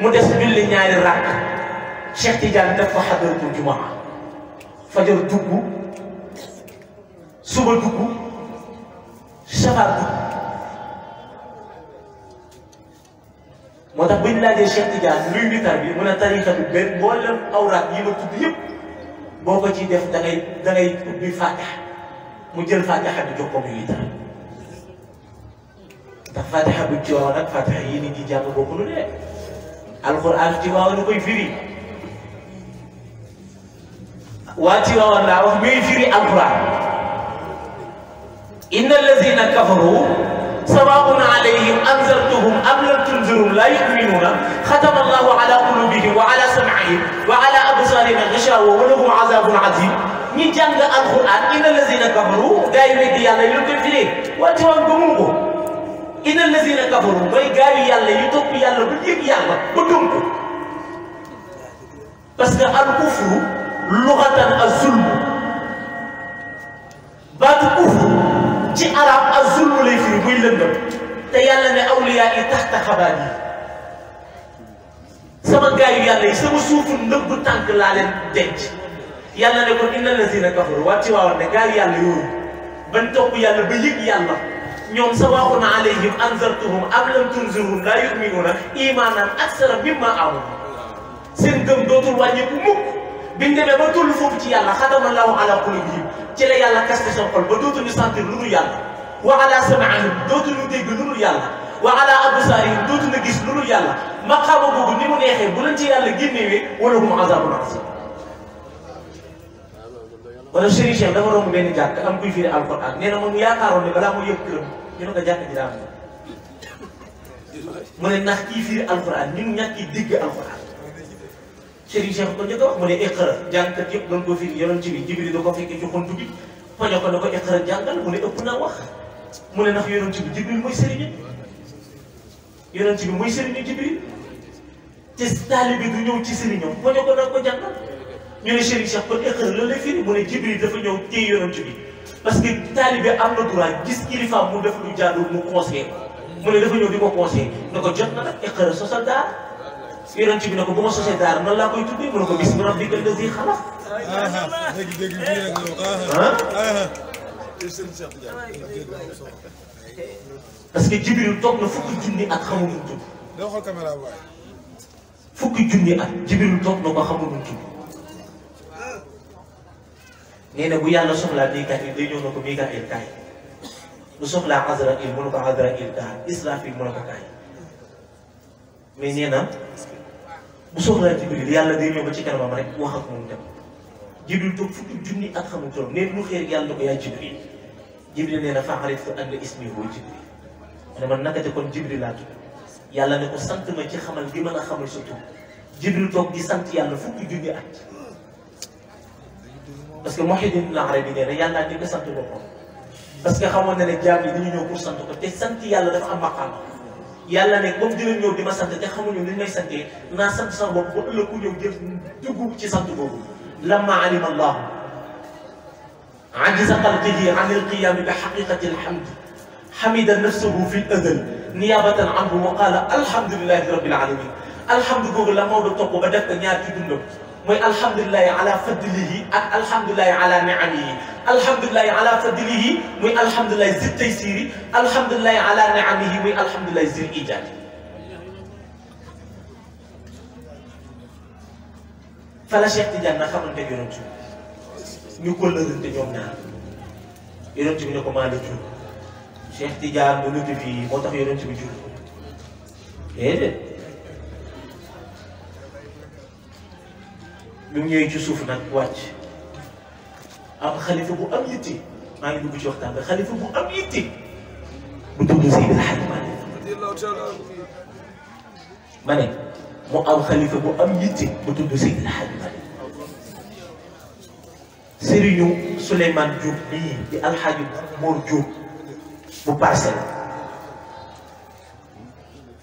mu des julli ñaari rakk Cheikh Tidiane def fa xadaratul jumaa fajar dugg suba dugg sabar dugg moo tax buñ laajee Cheikh Tidiane luy witar bi mu ne tarixa bi benn mboolem awraat yi ma tudd yëpp boo ko ciy def da ngay da mu jël fatiha bi jox ko muy witar ndax fatiha bu ci waawoon ak fatiha yi nit ñi jàng bokkul de alquran ci waawoon waa ci waawoon laa wax muy firi alquran inna sawaa'un alayhim anzartahum am lam tunzirhum laa yu'minuuna xatama Allaahu alaa quluubihim wa alaa sam'ihim wa alaa absaarihim gishaawatun wa lahum azaabun aziim ñi jàng alquran inna lazina kafaru gaa yi weddi yàlla yi lu ko firee wante woon gëmuñu ko inna lazina kafaru mooy gaa yu yàlla yu topp yàlla bu yëg yàlla ba dum ko parce que al kufru luxatan az-zulm baatu kufru ci arab ak zulmu lay firi buy lëndëm te yàlla ne awliyaa yi taxta xabaar yi sama gaayu yàlla yi sama suufu nëbb tànk laa leen denc yàlla ne kon inna lazina kafaru waa ci waawoon ne gaayu yàlla yooyu ban topp yàlla ba yëg yàlla ñoom sawaxun alayhim anzartuhum am lam tunzirhum laa yuminuuna imaanan aksara mimma amanu seen gëm dootul wàññeeku mukk biñ demee ba tollu foofu ci yàlla xadama laahu ala qulubihim ci la yàlla kaste seen xol ba dootuñu sentir lu dul yàlla wa ala samaahim dootuñu dégg lu dul yàlla wa ala absaarihim dootuñu gis lu dul yàlla maqaama boobu ni mu neexee bu leen ci yàlla génnewee wala hum azabun azim wala Serigne Cheikh dafa romb benn jàkk am kuy firi alquran nee na moom yaakaaroon ne balaa mu yëg këram ñu ne ko jàkk ji mu ne ndax kii firi alquran ñun ñàkk yi dégg Serigne Cheikh ko njëkk a wax mu ne iqra jàngkat yëpp doon ko fi yonent bi Jibril da ko fekkee ci xontu bi ko da ko iqra jàngal mu ne ëpp bi Jibril ñëw ci sëriñam poño ko da ko jàngal ñu ne Serigne Cheikh kon loolu lay mu ne Jibril dafa ñëw téye yonent bi parce que taalibe am na droit gis kilifaam mu def lu jaadu mu conseillé ko mu ne dafa ñëw di ko conseillé ne ko jot nag iqra sosal daal yonent bi ne ko bu ma sosee daara noonu laa koy tuddee mu ne ko bismi rabbikal lazii xalaq. dégg dégg parce que Jibril toog na fukki junni at xamul lu tudd. doo xool caméra waay. fukki junni at Jibril toog na ko xamul lu tudd. nee na bu yàlla soxlaa Mikaayil day ñëw na ko Mikaayil kaay lu soxlaa Azraïl mu ne ko Azraïl kaay Israfil mu ne ko kaay mais nee na. bu soxlaa Jibril yàlla day ñëw ci kanamam rek wax ak moom dem Jibril toog fukki junni ak xamul toog nee lu xëy yàlla na ko yaa Jibril Jibril nee na faa araftu anna ismii huwa Jibril ma ne yàlla ne sant ma ci xamal gi mën a xamal toog di sant yàlla fukki junni at parce que Muhyiddin Ibn Arabi nee na yàlla di ko sant boppam parce que xamoon na ne yi dañu ñëw pour sant ko te sant yàlla dafa am maqaam yàlla ne comme dinañ ñëw di ma sant te xamuñu ni ñu may santee naa sant sama bopp ba ëllëg ku ñëw jël dugg ci sant boobu lamma alima allahu ajiza qalbihi an alqiyami bi xaqiqati alhamd xamida nafsahu fi ladal niyabatan anhu wa qala alhamdulilahi rabbil alamin alhamdu googu la Maodo topp ba def ko ñaar ci dundam mooy alhamdulilahi ala fadlihi ak alhamdulilahi ala niamihi alhamdulilahi ala fadlihi muy alhamdulilahi fala Cheikh Tidiane na xamante yonent bi ñu kóllërante ñoom ñaar yonent bi ne ko maa la jur Cheikh Tidiane mu lutti fii moo tax yonent bi jur déedéet bi mu ñëwee ci suuf nag wàcc am xalifa bu am yitti maa ngi dugg ci waxtaan bi xalifa bu am yitti bu tudd Seydi El Hadji Malick ma ne mu am xalifa bu am yitti bu tudd Seydi El Hadji Malick Sëriñu Souleymane Diop bii di alxaaji Mor Diop bu Parcelles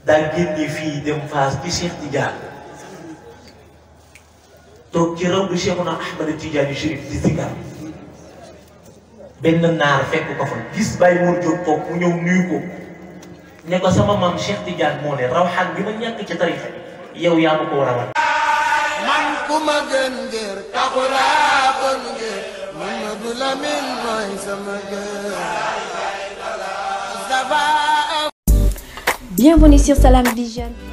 daa génne fii dem Fass ci Cheikh Tidiane toog ci raw du Cheikhuna Ahmad Tidiane Chérif di Zikar benn naar fekk ko fa gis Baye Mor Diop toog mu ñëw nuyu ko ne ko sama maam Cheikh Tidiane moo ne rawxaan bi ma ñàkk ci tarixa yow yaa ma ko war a war. man ku ma gën ngir taxulaa bon ngir Mamadou Lamine mooy sama gën. Bienvenue sur Salam Vision.